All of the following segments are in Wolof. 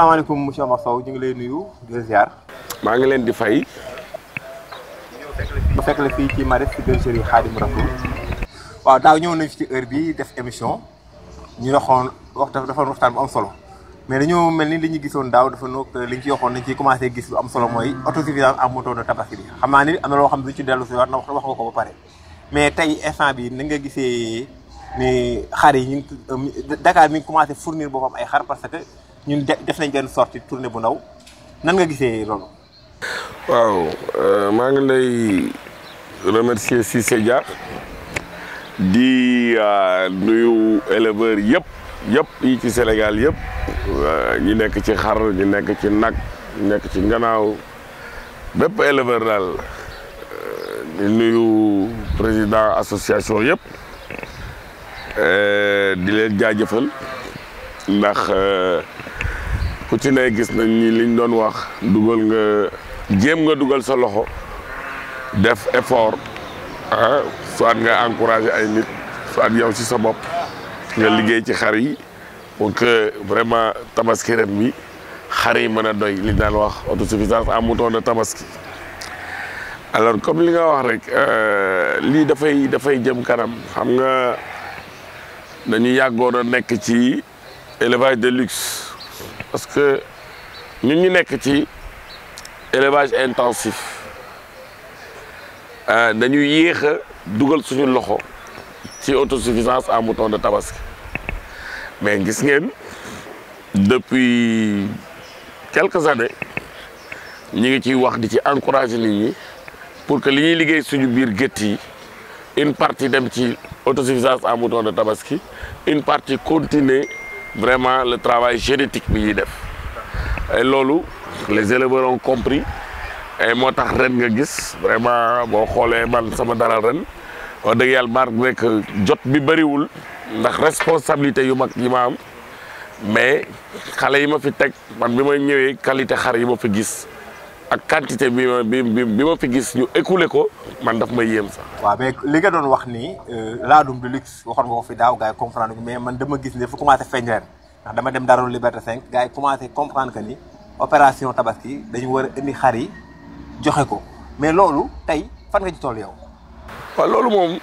salaamaaleykum monsieur Omar Sow ñu ngi lay nuyu di la maa ngi leen di fay. bu fekk la fii ci Maristes ci bergerie Khadim Rasoul. waaw daaw ñëw nañu fi ci heure bi def émission ñu waxoon wax dafa waxtaan bu am solo mais dañoo mel ni li ñu gisoon daaw dafa noog li ñu ci waxoon ciy commencé gis lu am solo mooy autosuffisance en mouton de Tabaski bi xam naa ni am na loo xam ne duñ ci dellu si waat na wax nga ko ba pare mais tey instant bi na nga gisee ni xar yi ñu Dakar mi ngi commencé fournir boppam ay xar parce que. ñu def nañ benn sortie tournée bu ndaw nan nga gisee loolu. waaw euh, maa ngi lay remercier Cissé Dia di euh, nuyu éleveurs yëpp yëpp yi ci Sénégal yëpp euh, ñi nekk ci xar ñi nekk ci nag ñi nekk ci nganaaw bépp éleveur daal di nuyu président association yëpp di leen jaajëfal ndax ku ci ne gis nañ ni liñ doon wax dugal nga jéem nga dugal sa loxo def effort ah soit nga encourager ay nit soit yow ci sa bopp nga liggéey ci xar yi pour que vraiment tabaski ren bi xar yi mën a doy li daan wax autosuffisance en mouton de tabaski alors comme li nga wax rek euh, lii dafay dafay jëm kanam xam nga dañu yàggoon nekk ci élevage de luxe parce que nous sommes un ci élevage intensif Nous euh, avons a dugal suñu loxo ci autosuffisance en mouton de tabasque. mais vous depuis quelques années nous avons encouragé wax pour que les gens une partie de l'autosuffisance autosuffisance en mouton de tabaski une partie continue vraiment le travail génétique bi def et loolu les éleveurs ont compris et moo tax ren nga gis vraiment bo xolé man sama daral ren wa deug yal mar nek jot bi bëriwul ndax responsabilité yu mag yi am mais xalé yi ma fi tek man bima ma qualité xar yi fi gis ak quantité bi ma bi bi ma fi gis ñu écoulé ko man daf may yéem sax. waaw mais li nga doon wax nii euh, laadum de luxe waxoon nga ko fi daaw gars yi comprendre mais man dama gis ne dafa commencé feeñ ren ndax dama dem Darou Liberté 5 gars yi commencé comprendre que ni opération tabaski dañu war a indi xar yi joxe ko mais loolu tey fan nga ci tool yow. waa loolu moom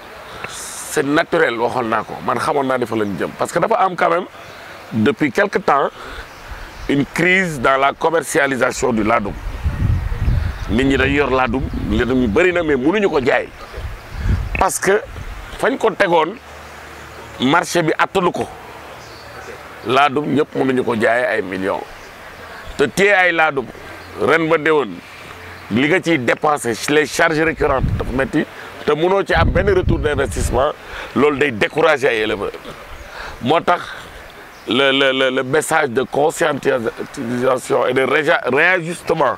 c'est naturel waxoon naa ko man xamoon naa ne fa lañ jëm parce que dafa am quand depuis quelque temps une crise dans la commercialisation du laadum. nit ñi dañ yor laadum laadum yu bëri na mais mënuñu ko jaay parce que fañ ko tegoon marché bi attalu ko laadum ñëpp mënuñu ko jaay ay millions te téye ay laadum ren ba déwén li nga ciy dépensé les charges récurrentes dafa métti te mënoo ci am benn retour d'investissement loolu day découragé ay éleveurs moo tax le le le message de conscientisation et de réajustement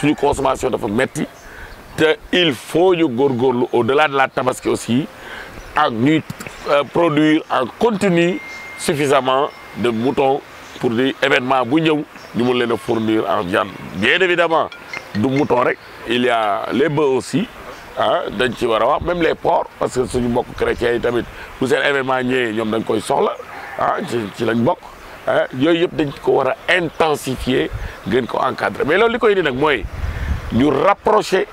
suñu consommation de metti il faut ñu góorgóorlu au delà de la tabaski aussi ak euh, produire en continu suffisamment de moutons pour des événements bu nous ñu mun fournir en viande bien évidemment du mouton rek il y a les bœufs aussi hein, dañ ci même les porcs parce que suñu mbokk chrétiens yi tamit bu seen événement ñëwee ñoom dañ koy soxla ah, ci lañ bokk nous ah, faut intensifier encadrer mais rapprocher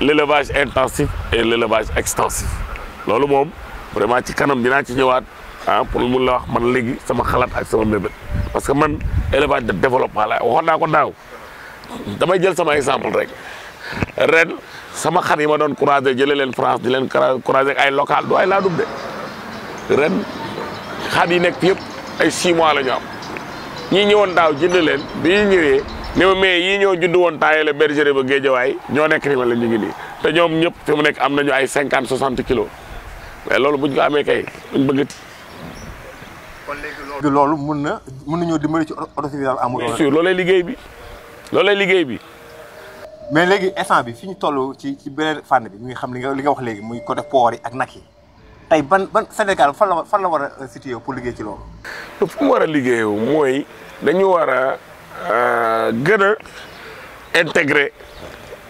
l'élevage intensif et l'élevage extensif C'est ce que ci kanam ah, pour wax man sama ak sama parce que man élevage de développement exemple rek ren sama ma doon croiser France di ay local ay ren ay six mois ñii ñëwoon daaw jënd leen bi ñëwee ne ma mais yii ñoo judd woon taayale bergerie ba géejawaay ñoo nekk rek la ñu ngi nii te ñoom ñëpp fi mu nekk am nañu ay cinquante soixante kilos mais loolu buñ ko amee kay duñ loolu mun na mun nañoo dimbali ci autosuffisance si bien sûr loolee liggéey bi loolee liggéey bi. mais léegi instant bi fi ñu toll ci ci beneen fànn bi mu ngi xam li nga li nga wax léegi muy côté poor yi ak nak yi. ay ban ban Sénégal fan la fan la war a euh, situé pour liggéey ci loolu. fu mu war a liggéeyoo mooy dañu war a euh, gën a intégré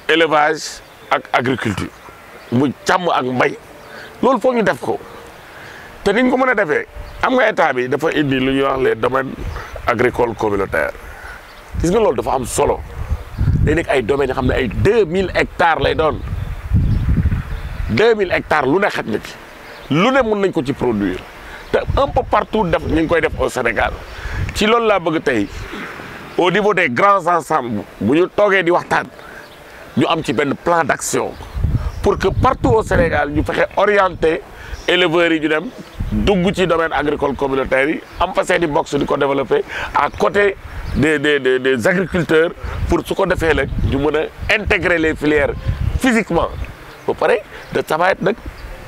élevage ak agriculture mu càmm ak mbay loolu foog ñu def ko te niñ ko mën a defee am nga état bi dafa indi lu ñuy wax les domaines agricoles communautaires gis nga loolu dafa am solo. day nekk ay domaines yoo xam ne ay deux mille hectares lay doon deux mille hectares lu ne xet na ci L'une ce nañ ko ci produire un peu partout def koy def au Sénégal ci lool la bëgg au niveau des grands ensembles nous avons un di waxtaan ñu plan d'action pour que partout au Sénégal nous puissions orienter éleveurs yi ñu domaine agricole communautaire en am du boxe box di développer à côté des agriculteurs pour su ko intégrer les filières physiquement Vous pare de ça va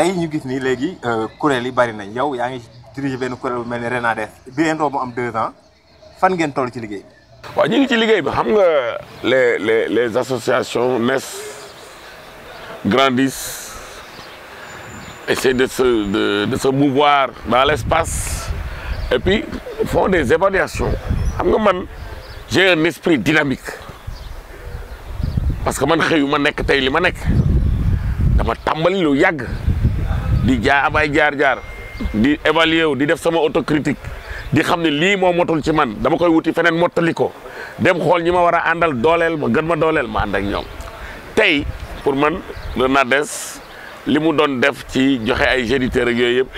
tey ñu gis ni légui euh kuréel yi bari nañ yow yaa ngi dirigé benn kuréel bu mel ni Renades bi ngeen romb am 2 ans fan ngeen tollu ci liggéey wa ñu ngi ci liggéey bi xam nga les les les associations naissent grandissent essaient de se de de se mouvoir dans l'espace et puis font des évaluations xam nga man j'ai un esprit dynamique parce que man xëyu ma nekk tey li ma nek dama tambali lu yagg di jaar am ay jaar-jaar di évaluer wu di def sama autocritique di xam ne lii moo motul ci man dama koy wuti feneen mottali ko dem xool ñi ma war a àndal dooleel ma gën ma dooleel ma ànd ak ñoom tey pour man le NADES li mu doon def ci joxe ay géniteurs ak yooyu yëpp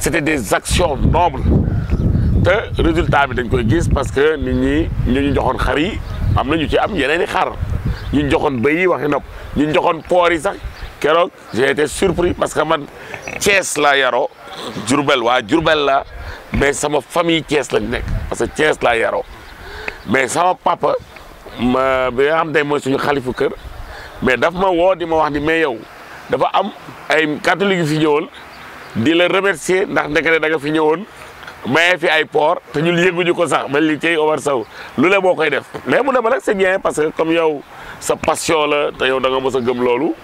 c'était des actions nobles te résultat bi dañ koy gis parce que nit ñi ñu ñu joxoon xar yi am na ñu ci am yeneen i xar ñu joxoon bëy yi waxi nopp ñu joxon poor yi sax keroog j'ai été surpris parce que man Thiès la yaro Diourbel waa Diourbel la mais sama famille Thiès lañ nekk parce que Thiès laa yaro mais sama papa ma bi nga xam tey mooy suñu xalifu kër mais dafa ma woo di ma wax ni mais yow dafa am ay catholique yu fi ñëwoon di la remercier ndax ndekete da nga fi ñëwoon mais fi ay port te ñun ñu ko sax ma ni tey Omar saw lu le boo koy def mais mu ne ma nag c'est bien parce que comme yow sa passion la te yow danga nga a gëm loolu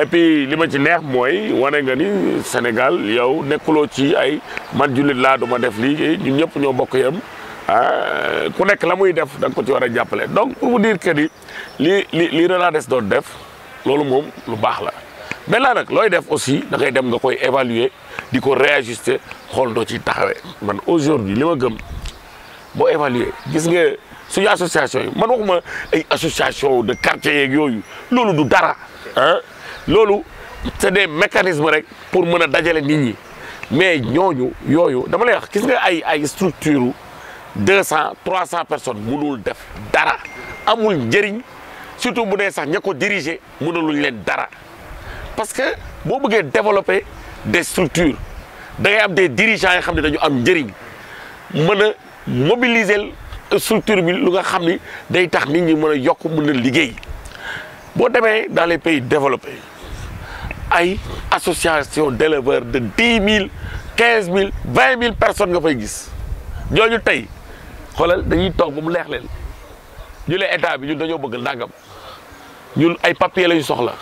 et puis li ma ci neex mooy wane nga ni Sénégal yow nekkuloo ci ay man jullit laa duma def lii ñun ñëpp ñoo bokk yam ah ku nekk la muy def da nga ko ci war a jàppale donc pour vous dire que ni li li li Renades doon def loolu moom lu baax la maintenant nag looy def aussi da ay dem nga koy évaluer di ko réajuster xool doo ciy taxawee man aujourd'hui li ma gëm boo évaluer gis nga suñu association yi man ma ay association de quartier yeeg yooyu loolu du dara loolu c'est des mécanismes rek pour mën a dajale nit ñi mais ñooñu yoyu dama lay wax gis nga ay ay structure deux 300 trois personnes mënul def dara amul njëriñ surtout bu dee sax ñako ko diriger mënuluñ leen dara parce que bo bëggee développer des structures da ngay am des dirigeants yoo xam dañu am njëriñ mën mobiliser structure bi lu nga xam ni day tax nit ñi mën a yokk mën a liggéey boo demee dans les pays développés ay association d'éleveurs de dix mille quinze mille vingt mille personnes nga fay gis ñooñu tey xoolal dañuy toog ba mu neex leen ñu ne état bi ñun dañoo bëgg ndàngam ñun ay papier la ñu soxla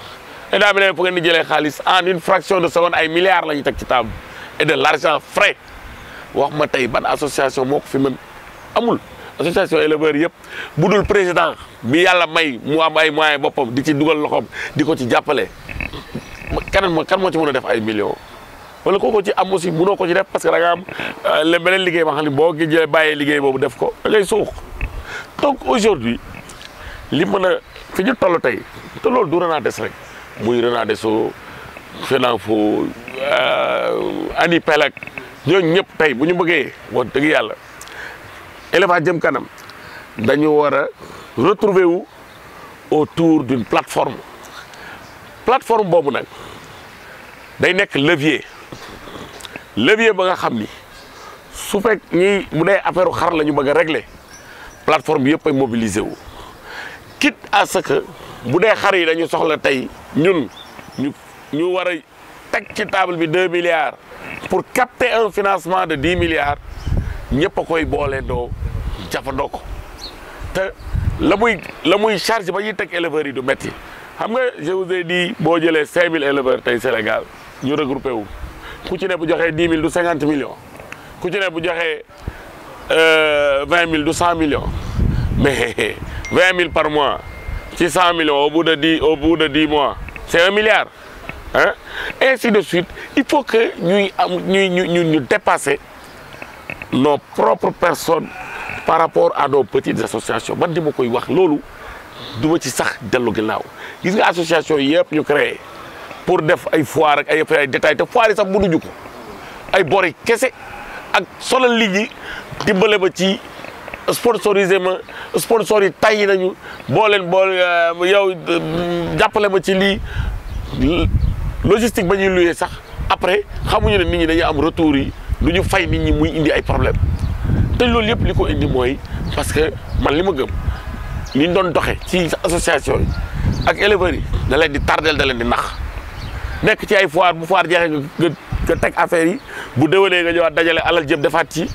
état bi ne fu ngeen di jëlee xaalis en une fraction de seconde ay milliards la ñu teg ci table et de l'argent frais wax ma tey ban association moo ko fi mën amul association éleveurs yëpp bu dul président bi yàlla may mu am ay moyens boppam di ci dugal loxoom di ko ci jàppale kan moo kan moo ci mën a def ay millions wala kooko ci am aussi mënoo ko ci def parce que da nga am euh, le beneen liggéey ma xam ne boo ko jëlee bàyyee liggéey boobu def ko da ngay suux donc aujourd'hui li mën a fi ñu toll tey te loolu du des rek naa muy Renadeso FENAFO euh, ANIPEL ak ñooñu ñëpp tey bu ñu bëggee wax dëgg yàlla élevage jëm kanam dañu war a retrouver wu autour d'une plateforme plateforme boobu nag day nekk levier levier ba nga xam ni su fekk ñiy bu dee affaire xar la ñu bëgg a régler plateforme bi yëpp ay mobiliser wu quitte à ce que bu dee xar yi dañu soxla tey ñun ñu war a teg ci table bi deux milliards pour capter un financement de dix milliards ñëpp koy boole doo jafandoo ko te la muy la muy charge ba ñuy teg éleveurs yi du métti xam nga je vous ai dit boo jëlee cinq mille éleveurs tey Sénégal nous regrouper vous ku ci 10 000 50 millions ku ci 20 000 200 100 millions mais 20 000 par mois 600 millions au bout de 10 au bout de mois c'est 1 milliard hein ainsi de suite il faut que nous dépassions dépasser nos propres personnes par rapport à nos petites associations man di ma koy wax lolu duma ci sax delu gnaaw gis nga association yépp nous créer pour def ay foire ak ay ay détails te foire yi sax mënuñu ko ay bori kese ak solal nit ñi dimbale ma ci sponsorisé ma sponsor yi tay nañu boo leen bool euh, yow euh, jàppale ma ci lii logistique ba ñuy luyee sax après xamuñu ne nit ñi dañuy am retour yi lu ñu fay nit ñi muy indi ay problème te loolu yëpp li ko indi mooy parce que man li ma gëm li ñu doon doxe ci association yi ak éleveurs yi da leen di tardel da leen di nax nekk ci ay foire bu foire jeexee nga nga teg affaire yi bu déwalee nga ñëwaat dajale alal jëm defaat ci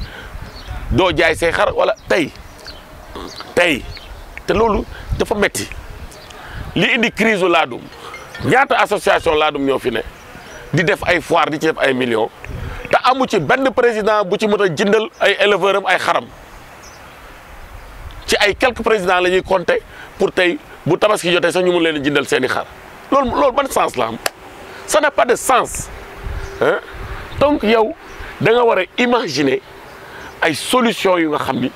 doo jaay say xar wala tey tey te loolu dafa metti li indi crise u laadum ñaata association laadum ñoo fi ne di def ay foir di ci def ay millions te amu ci benn président bu ci mën a ay éleveur am ay xaram ci ay quelques présidents la ñuy compter pour tey bu tabaski jotee sax ñu mun leen jëndal seeni xar loolu loolu ban sens la am. ça n'a pas de sens hein donc yow da nga war imaginer ay solutions yu nga xam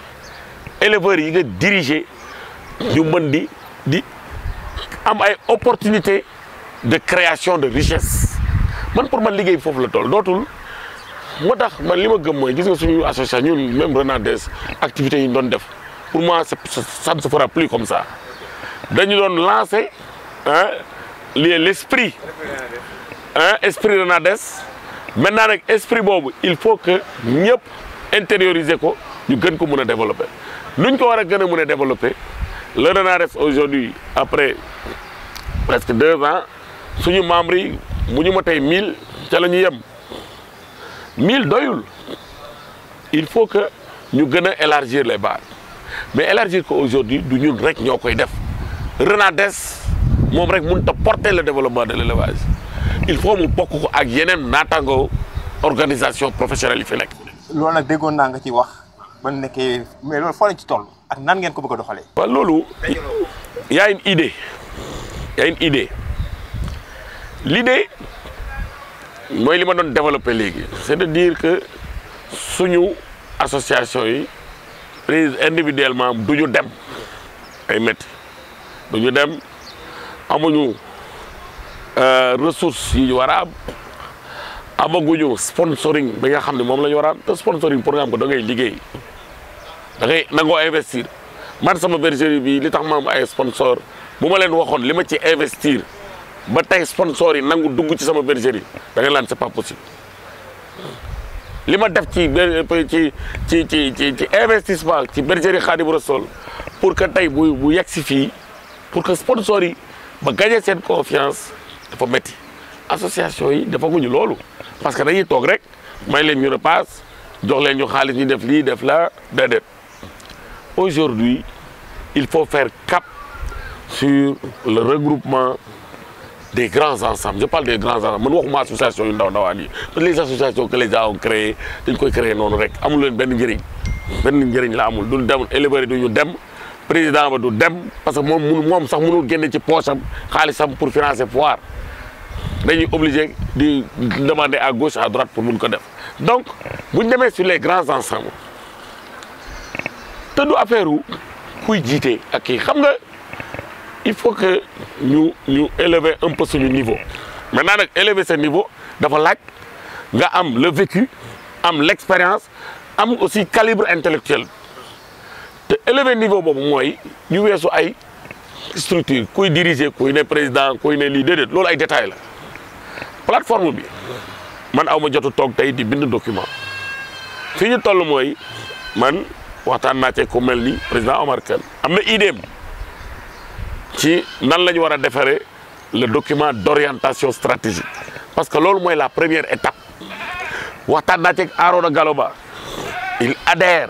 éleveurs yi nga diriger ñu mën di di am ay de création de richesse man pour man liggéey foofu la moi, dootul moo tax man li ma gëm mooy gis nga suñu association ñun même des activités yi ñu doon def pour moi ça ne se fera plus comme ça dañu doon lancer hein l'esprit un, hein, esprit renades, maintenant avec esprit bobu, il faut que nous intériorisions ko ñu gën ko développer nuñ ko wara développer le Renades aujourd'hui après presque deux ans suñu nous yi mu 1000, ma tey il faut que nous élargissons élargir les bases mais élargir ko aujourd'hui du ñun rek ñokoy def Renades mom rek ta porter le développement de l'élevage il faut mon bokk ak yenen natango organisation professionnelle yi fi nekk. loolu nag déggoon naa nga ci wax ba nekkee mais loolu fo la ci toll ak nan ngeen ko bëgg a doxalee. waaw loolu y a une idée y a une idée l'idée moy li ma don développer léegi c'est-à-dire que suñu association yi prise individuellement duñu dem ay metti duñu dem amuñu. Eh, ressources yi ñu war amaguñu sponsoring bi nga xam ne moom te sponsoring pour nga am ko da ngay liggéey da ngay nangoo investir man sama bergerie bi li tax ma ay sponsor bu len leen lima li ci investir ba tey sponsor yi nangu dugg ci sama bergerie da ngeen laan c'est pas possible li ma def ci ci ci ci ci ci investissement ci bergerie Khadimou Rassoul pour que tey bu bu yegg si fii pour que sponsor yi ba confiance dafa métti association yi dafa guñu loolu parce que dañuy toog rek may leen ñu repasse jox leen ñu xaalis ñu def lii def la déedéet aujourd'hui il faut faire cap sur le regroupement des grands ensembles je parle des grands ensembles man waxuma association yu ndaw ndawaan yi parce que les associations que les gens ont créées dañ koy créé noonu rek amul leen benn njëriñ benn njëriñ la amul du dem éleveurs du ñu dem président ba du dem parce que moom mënu sax mënul génne ci poche am pour financer foire dañuy obligé de demander à gauche à droite pour mun ko def donc si démé demee sur les grands ensembles te du affaireu kuy jité ak xam nga il faut que ñu ñu élever un peu suñu niveau maintenant nak élever ce niveau dafa laaj nga am le vécu am l'expérience am aussi calibre intellectuel te élevé niveau boobu moy ñu weesu ay structure kuy diriger kuy né président kuy né leader, déedéet loolu ay détail. la plateforme bi man aw ma jotu toog tey di bind document fi ñu toll moy man waxtaan j'ai ci président Omar Kane amna na idée ci nan la wara le document d'orientation stratégique parce que loolu moy la première étape waxtaan naa ci Arona Galoba il adhère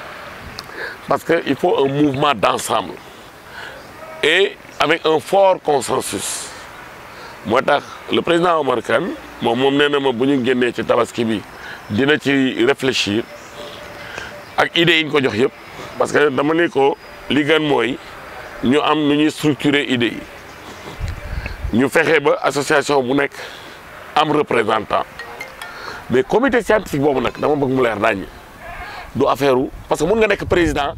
Parce qu'il faut un mouvement d'ensemble. Et avec un fort consensus. le président Omar Kane moom je ma bu ñu réfléchir ak l'idée yi parce que dama né ko li gën moy ñu am ñuy structurer idée yi ñu fexé ba association bu représentants. am représentant mais comité scientifique bobu nak dama bëgg mu leer dañ du affaire parce que mun nga nek président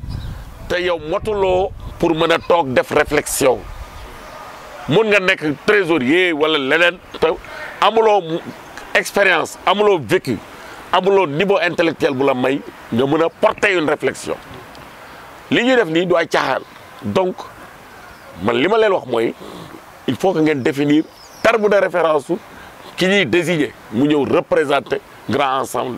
te yow motulo pour mën tok def réflexion mun nga nek trésorier wala lenen te amulo expérience amulo vécu amuloo niveau intellectuel bu la may nga mën a porter une réflexion li ñuy def ni du ay caaxaan donc man lima leen wax moy il faut que ngeen définir terme de référence qui ki ñuy désigner mu ñeu représenter grand ensemble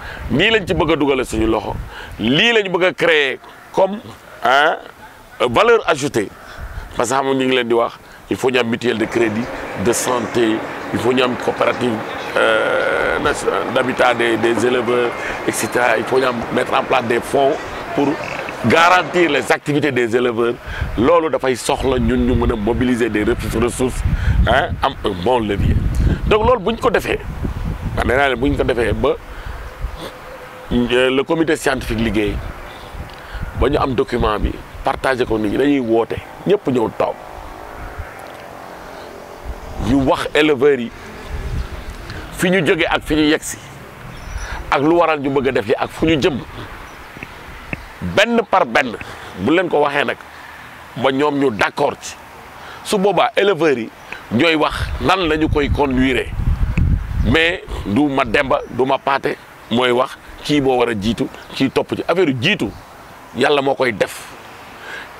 ni lañ ci bëgg suñu loxo li lañ bëgg créer comme hein, valeur ajoutée parce que leen di wax il faut ñam mutuel mutuelle de crédit de santé il faut ñam coopérative coopérative euh, d'habitat des des éleveurs etc. il faut mettre en place des fonds pour garantir les activités des éleveurs da fay soxla ñun ñu mëna mobiliser des ressources hein am un bon levier donc lolu buñ ko défé ah nee buñ ko ba. Euh, le comité scientifique liggéey ba ñu am document bi partagé ko nit ñi dañuy woote ñëpp ñëw taw ñu wax éleveurs yi fi ñu jóge ak fi ñu yegg si ak lu waral ñu bëgg a def li ak fu ñu jëm benn par benn bu leen ko waxee nag ba ñoom ñu d'accord ci su boobaa éleveurs yi ñooy wax nan la koy conduire mais du ma demba du ma paate mooy wax kii boo war a jiitu kii topp ci affaire jiitu yàlla moo koy def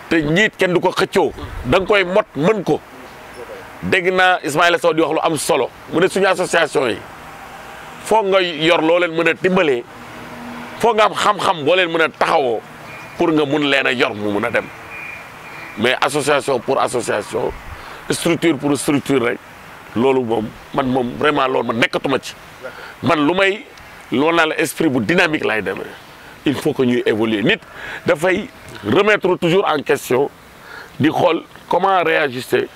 te njiit kenn du ko xëccoo da nga koy mot mën ko dégg naa la soo di wax lu am solo mu ne suñu association yi foo nga yor loo leen mën a dimbalee foo nga am xam-xam boo leen mën a taxawoo pour nga mun leen a yor mu mun a dem mais association pour association structure pour structure rek loolu moom man moom vraiment loolu man nekkatuma ci man lu may l'on a l'esprit dynamique là-dedans. il faut que nous évoluer nit devons remettre toujours en question comment réajuster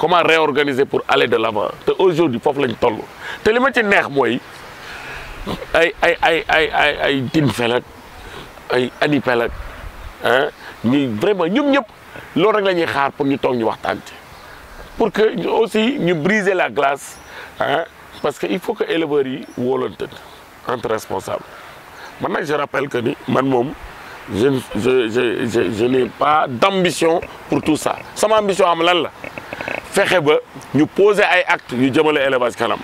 comment réorganiser pour aller de l'avant aujourd'hui il lañ que te nous ci neex ay ay ay ay hein, vraiment pour que nous aussi nous briser la glace hein, parce qu'il faut que l'éleveur yi entre responsables je rappelle que ni man je je je je je n'ai pas d'ambition pour tout ça sama ambition am lan la fexe ba ñu poser ay acte yu jëmale élevage kanam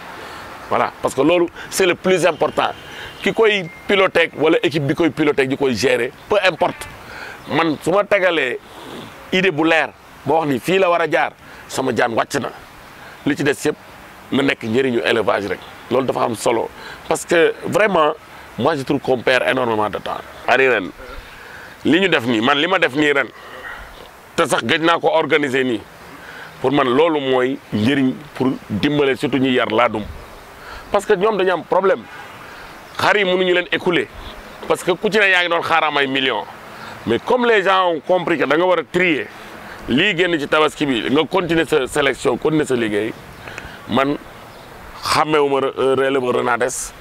voilà parce que loolu c'est le plus important ki koy piloté wala équipe bi koy piloté di koy gérer peu importe man su ma tegalee idée bu leer boo bon ni fii la war a jaar sama jaan wàcc na li ci des yëpp na nekk élevage rek lolu dafa am solo parce que vraiment moi je trouve qu'on perd énormément de temps ari ren liñu def ni man lima def ni ren te sax gëj naa ko organiser ni pour man lolu moy ñëriñ pour dimbalé surtout ñuy yar ladum parce que ñom dañu am problème xari yi mënuñu leen écouler parce que ku ci ne yaa ngi doon xaaraam ay millions mais comme les gens ont compris que da nga wara trier li génn ci tabaski bi nga continuer sa sélection continuer sa liggéey man xàmmewuma relève euh, Renades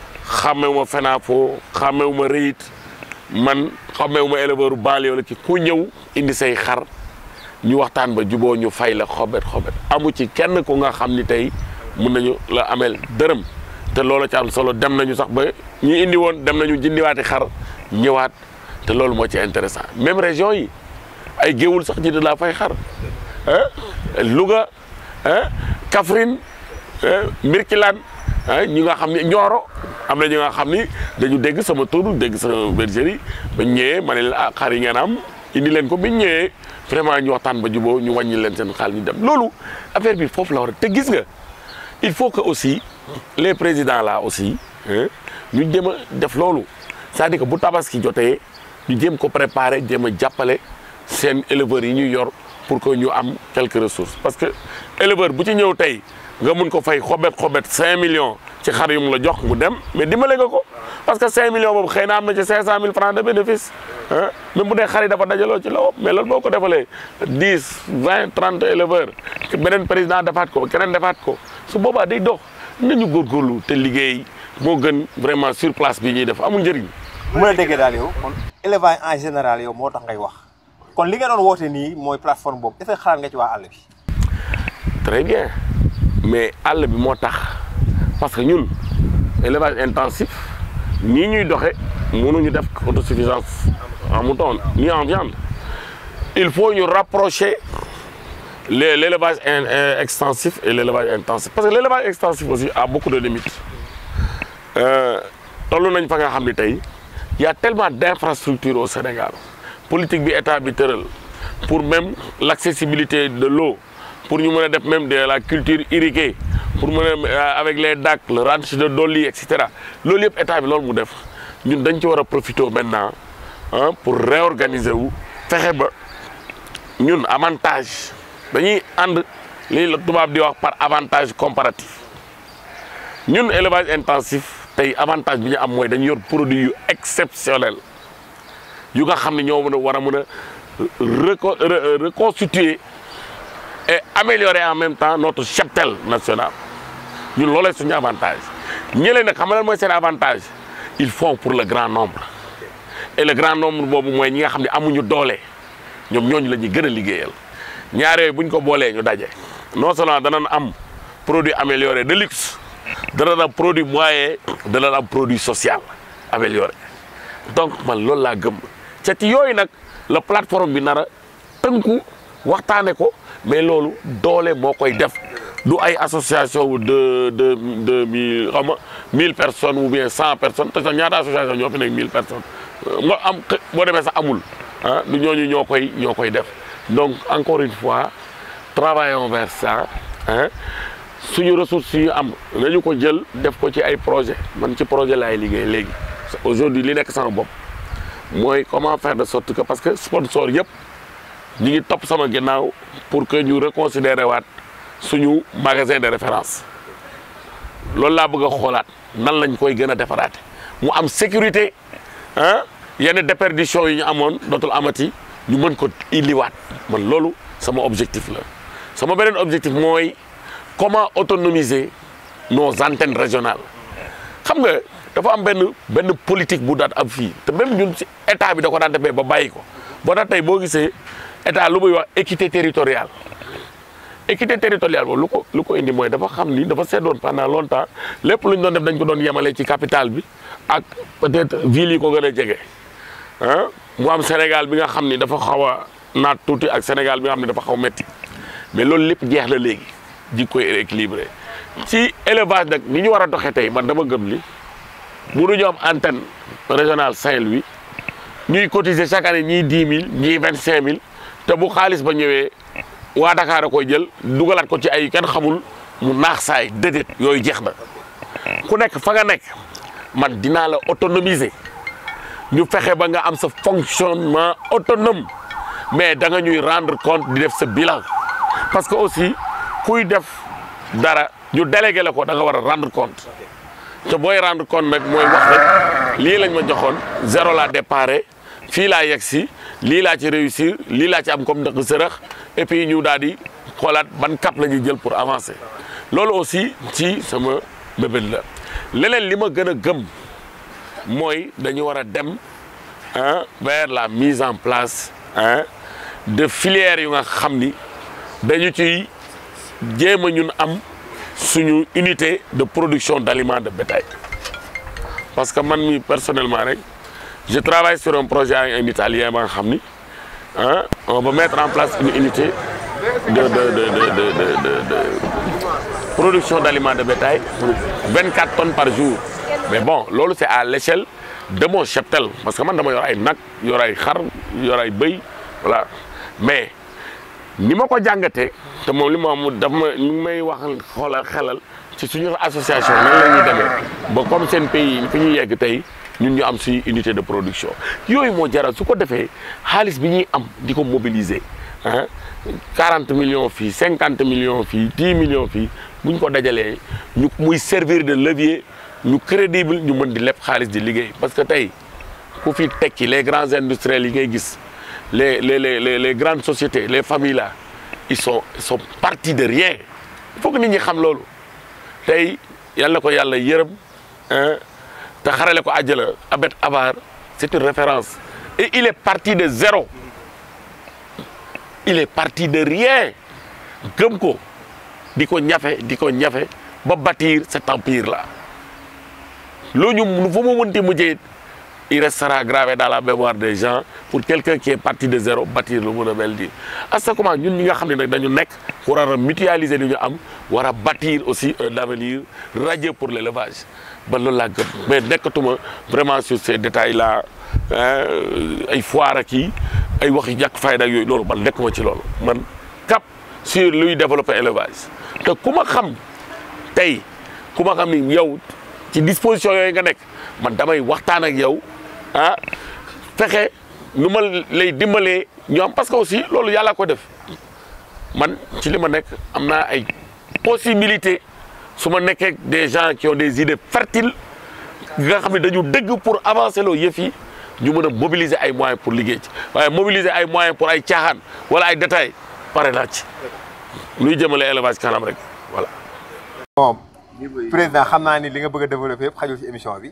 xàmmewuma FENAFO xàmmewuma REIT man xàmmewuma éleveur banlieue la ci ku ñëw indi say xar ñu waxtaan ba juboo ñu fay la xobet xobet amu ci kenn ku nga xam ni tey mun nañu la ameel dërëm te loolu ci am solo dem nañu sax ba ñu indi woon dem nañu jëndiwaati xar ñëwaat te loolu moo ci intéressant même région yi ay géewul sax ñi di laa fay xar ah Louga ah Kaffrine Mirkilan eh, eh, ñi nga xam ni ñooro am na ñi nga xam ni dañu dégg sama tur dégg sama bergerie ba ñëwee ma ne leen ah xar yi ngeen am indi leen ko bi ñëwee vraiment ñu waxtaan ba juboo ñu wàññi leen seen xaal ñu dem loolu affaire bi foofu la war te gis nga il faut que aussi les présidents là aussi ñu jéem a def loolu cest à que bu tabaski jotee ñu jéem ko préparer jéem a jàppale seen yi ñu yor pour que ñu am quelques ressources parce que éleveur bu ci ñëw nga mun ko fay xobet xobet 5 millions ci xar yum la jox mu dem mais dimbale nga ko parce que 5 millions am na ci 500 000 francs de bénéfice ah même bu dee xar dafa dajaloo ci lawam mais 10 20 30 éleveurs beneen président defaat ko keneen defaat ko su boobaa day dox nañu góorgóorlu te liggéey moo gën vraiment sur place bi ñuy def amul njëriñ. bu la déggee daal yow kon élevage en général yow moo ngay wax kon li nga plateforme est ce que xalaat nga ci bi. très bien. mais c'est bi tard parce que nous, élevage intensif nous ñuy devons mënuñu def autosuffisance en mouton ni en viande il faut nous rapprocher l'élevage euh, extensif et l'élevage intensif parce que l'élevage extensif aussi a beaucoup de limites euh, Il y a tellement d'infrastructures au Sénégal politique bi état pour même l'accessibilité de l'eau pour nous mën même de la culture irriguée pour nous euh, faire avec les DAC le ranch de Dolly etc. cetera est est état bi nous mu def ñun maintenant hein, pour réorganiser wu faire un avantage Nous avons lii la tubaab nous wax par avantage comparatif élevage intensif un avantage bi ñu am mooy dañu yor produit exceptionnel yu nga reconstituer et améliorer en même temps notre cheptel national ñun c'est suñu avantage ñëlee nag xam mooy seen avantage ils font pour le grand nombre et le grand nombre boobu mooy ñi nga xam ne amuñu doole ñoom ñooñu la ñuy gën a liggéeyal ñaar yooyu buñ ko boolee ñu daje non seulement ont am produit amélioré de luxe danañ un produit moyen ont un produit social amélioré donc man ce que gëm ca ci yooyu la plateforme bi nar waxtane ko mais lolu dole mokoy def du ay association de de 2000 xama 1000 personnes ou bien 100 personnes avons une association ñofi nek 1000 personnes euh, mo am bo démé sa amul hein du association de 1000 def donc encore une fois travaillons vers ça hein suñu ressources des am nous ko jël def ko ci ay projets man ci projet lay liggéey légui aujourd'hui li nek sama bop moy comment faire de sorte que parce que sponsor yépp ñu ngi topp sama ginnaaw pour que ñu reconsidérer waat suñu magasin de référence loolu laa bëgg a xoolaat nan lañ koy gën a defaraate mu am sécurité ah yenn déperdition yi ñu amoon dootul amati ñu mën ko illiwaat man loolu sama objectif la sama beneen objectif mooy comment autonomiser nos antennes régional xam nga dafa am benn benn politique bu daat am fii te même ñun si état bi da ko daan defee ba bàyyi ko boo tax tey boo gisee état lu muy wax équité territoriale équité territoriale boobu lu ko lu ko indi mooy dafa xam ni dafa seddoon pendant longtemps lépp lu doon def dañ ko doon yemale ci capitale bi ak peut-être ville yi ko gën a jege ah mu am Sénégal bi nga xam ni dafa xaw a naat ak Sénégal bi nga xam ni dafa xaw metti mais loolu lépp jeex la léegi di koy rééquilibré ci élevage nag ni ñu war a doxee tey man dama gëm ni mënuñu am antenne régionale Saint-Louis ñuy cotiser chaque année ñii dix mille ñii te bu xaalis ba ñëwee waa Dakar a koy jël dugalaat ko ci ay kenn xamul mu naax saay déedéet yooyu jeex ku nekk fa nga nekk man dinaa la autonomiser ñu fexe ba nga am sa fonctionnement autonome mais da nga ñuy rendre compte di def sa bilan parce que aussi kuy def dara ñu délégué la ko da nga war a rendre compte te booy rendre compte nag mooy wax rek lii lañ ma zéro la déparé fii si lii laa ci réussir lii laa ci am comme ndëkk sërëx et puis ñu daal di xoolaat ban cap la ñuy jël pour avancer loolu aussi ci sama mébét la leneen li ma gën a gëm mooy dañu war a dem ah vers la mise en place ah de filière yu nga xam ni dañu ciy jéem ñun am suñu unité de production d'aliments de bétail parce que man mi personnellement rek Je travaille sur un projet en italien, hein? on va mettre en place une unité de, production d'aliments de bétail, 24 tonnes par jour. Mais bon, c'est à l'échelle de mon cheptel. Parce que moi, il y aura il y aura char, il y aura bœuf, voilà. Mais, ni je veux dire, te que li ma daf ma may association comme c'est ñuy pays, ba comme pays nous ñu une unité de production yooyu moo jaral su ko defee xaalis bi mobiliser 40 hein? millions fi, 50 millions fi, 10 millions Fi, bu ñu ko Nous ñu servir de levier ñu crédible ñu mën di leb xaalis di parce que les grands industriels les les les les grandes sociétés les familles là ils sont sont partis de rien il faut que nous ñi xam loolu tey yal na ko de c'est une référence et il est parti de zéro il est parti de rien y ko fait, ko qu'on y a fait, va bâtir cet empire là il restera gravé dans la mémoire des gens pour quelqu'un qui est parti de zéro bâtir le monde Beldi. à ce moment ñun ñi nga xam ne nag dañu mutualiser li ñu am bâtir aussi un avenir radieux pour l'élevage ba loolu laa gëm mais nekkatuma vraiment sur ces détails là hein, ay foire ak il ay wax chaque ñàkk fayda yooyu loolu man nekkuma ci l'as, man cap sur luy développer élevage te comment ma xam comment ku ma xam ni yow ci disposition yooyu nga nekk man damay waxtaan ak yow ah fexe nu ma lay dimbalee ñoom parce que aussi loolu yàlla ko def man ci li ma nekk am naa ay possibilité su ma nekkee des gens qui ont des idées fertiles nga xam ne dañu dëgg pour avancer loo yëfi yi ñu mën a mobiliser ay moyens pour liggéey ci waaye mobiliser ay moyens pour ay caaxaan wala ay détails pare naa ci luy jëmale élevage kanam rek voilà. bon président xam naa ni li nga bëgg a émission bi.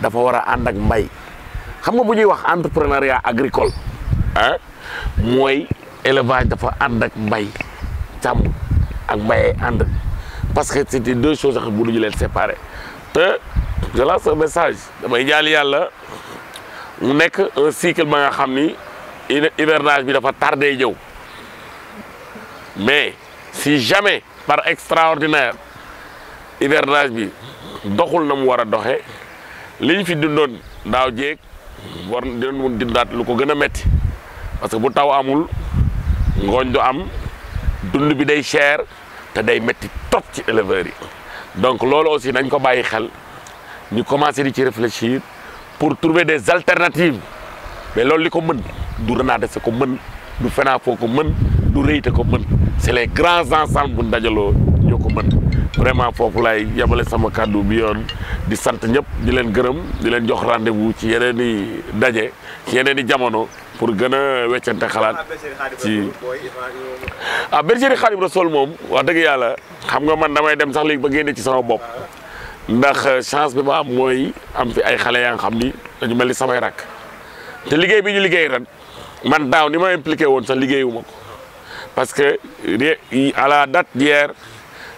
dafa war a ànd ak mbay xam nga bu ñuy wax entrepreneuriat agricole ah mooy élevage dafa ànd ak mbay càmm ak mbayee ànd parce que c'était deux choses xam bu ñu leen séparer te je lance message damay jaali yàlla mu nekk un cycle ba nga xam ni hivernage bi dafa tardé ñëw mais si jamais par extraordinaire hivernage bi doxul na mu war a doxee liñ fi dundoon daaw jéeg war dinañ mun dundaat lu ko gën a metti parce que bu taw amul ngooñ du am dund bi day cher te day metti trop ci éleveur yi donc loolu aussi nañ ko bàyyi xel ñu commencé di ci réfléchir pour trouver des alternatives mais loolu li ko mën du Renardès ko mën du FENAFO ko mën du Réité ko mën c'est les grands ensembles bu dajaloo ñoo ko mën vraiment foofu laay yemale sama kàddu bi yoon di sant ñëpp di leen gërëm di leen jox rendez-vous ci yeneen i daje ci yeneen i jamono pour gën a weccante xalaat ci ah bergerie Khadim Rassoul moom wax dëgg yàlla xam nga man damay dem sax léegi ba génne ci sama bopp ndax euh, chance bi ma am mooy am fi ay xale yaa xam ni dañu mel ni samay rakk liggéey bi ñu liggéey ren man daaw ni ma impliqué woon sax liggéeyuma parce que à date d'hier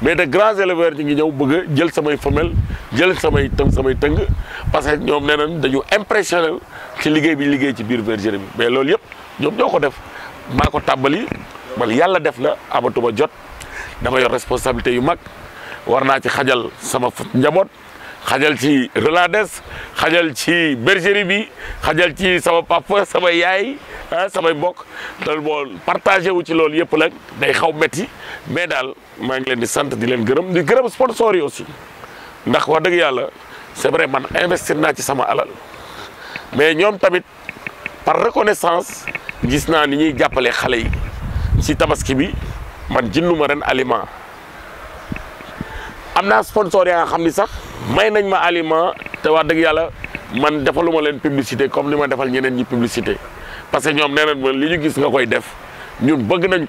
mais de grands éleveurs ñi ngi ñëw bëgg jël samay femelle jël samay tëng samay tëng parce que ñoom nee nañ dañu impressionné ci liggéey bi liggéey ci biir bergerie bi mais loolu yëpp ñoom ñoo ko def maa ko tàmbali man yàlla def na amatuma jot dama yor responsabilité yu mag war naa ci xajal sama njaboot xajal ci Relades xajal ci bergerie bi xajal ci sama papa sama yaay samay mbokk lool boo partagé wu ci loolu yëpp nag day xaw metti mais daal maa ngi leen di sant di leen gërëm di gërëm sponsor yi aussi ndax wax dëgg yàlla c'est vrai man investir naa ci sama alal mais ñoom tamit par reconnaissance gis naa ni ñuy jàppale xale yi ci tabaski bi man jënduma ren aliment am naa sponsor yaa nga xam ni sax may nañ ma aliment te wax dëgg yàlla man defaluma leen publicité comme ni ma defal ñeneen ñi publicité parce que nous avons nañ ma li ñu gis nga koy def ñun bëgg nañ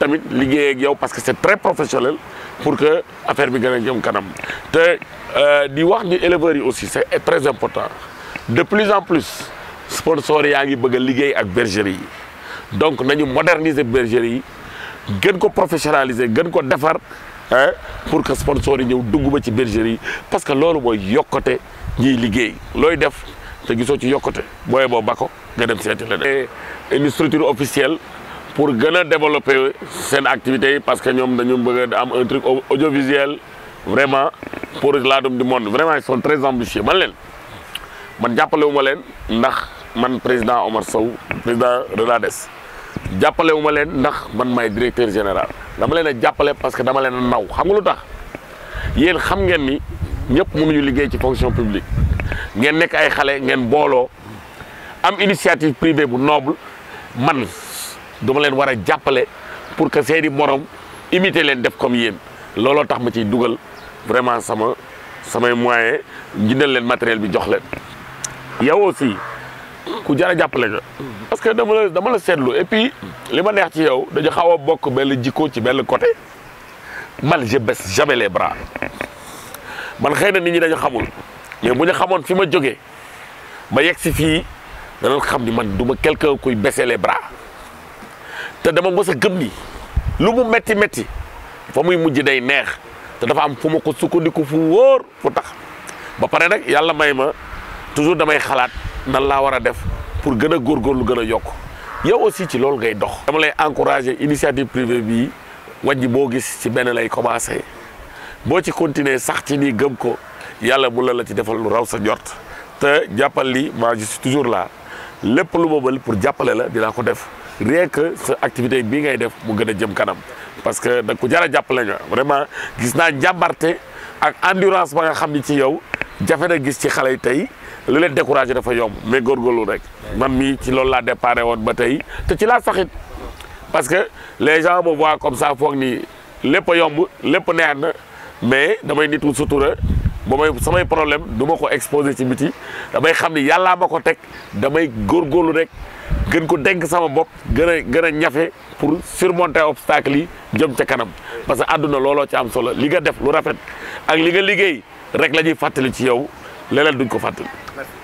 parce que c'est très professionnel pour que affaire bi gën a Et nous te euh, di wax ni éleveurs aussi c'est très important de plus en plus sponsors yaa ngi bëgg a liggéey ak bergerie donc nañu moderniser bergerie nous gën ko professionnaliser gën ko defar hein, pour que sponsors ne ñëw dugg ba ci bergerie parce que ce qui est le liggéey de def te gisoo ci yokkute booyee boo nga dem seeti la une structure officielle pour gëna développer seen activité parce que ñom dañu bëgg a am un truc audiovisuel vraiment pour laadum du monde vraiment ils sont très ambitieux man leen man jàppalewu ma leen ndax man président Omar Sow président de Renades jàppalewu ma leen ndax man may directeur général dama leen a parce que dama leen naw xam nga lutax yeen xam ngeen ni ñëpp mënuñu liggéey ci fonction publique ngeen nekk ay initiative privée noble man leen pour que seeni morom imiter leen def comme yéen looloo tax ma vraiment sama moyen matériel bi jox leen aussi ku parce que dama la dama la et puis les ma yow bokk côté je baisse jamais les bras man xëy na nit ñi dañu xamul mais bu ñu xamoon fi ma jógee ma yegg si fii danañ xam ni man du ma quelqu'un kuy baisser les bras te dama mës a gëm ni lu mu metti metti fa muy mujj day neex te dafa am fu ma ko sukkandiku fu wóor fu tax ba pare nag yàlla may ma toujours damay xalaat nan laa war a def pour gën a lu gën a yokk yow aussi ci loolu ngay dox. dama lay encourager initiative privée bii wañ wàññi boo gis ci benn lay commencer. boo ci continuer sax ci nii gëm ko yàlla bu la la ci defal lu raw sa njort te jàppal li ma je toujours la lépp lu ma pour jàppale la dinaa ko def rien que sa activité bii ngay def mu gën a jëm kanam parce que da ko jar a jàppale nga vraiment gis naa jàmbarte ak endurance ba nga xam ni ci yow jafe na gis ci xale yi tey lu leen découragé dafa yomb mais góorgóorlu rek man mii ci loolu laa déparé woon ba tey te ci laa saxit parce que les gens me voient comme ça foog lépp yomb lépp neex na mais damay nitu sutura ba may samay problème du ma ko exposé ci biti damay xam ni yàllaa ma ko teg damay góor góorgóorlu rek gën ko denk sama mbokk gën a gën a ñafe pour surmonter obstacle yi jëm ca kanam parce que àdduna looloo ci am solo li nga def lu rafet ak li nga liggéey rek la ñuy fàttali ci yow leneen duñ ko fàttali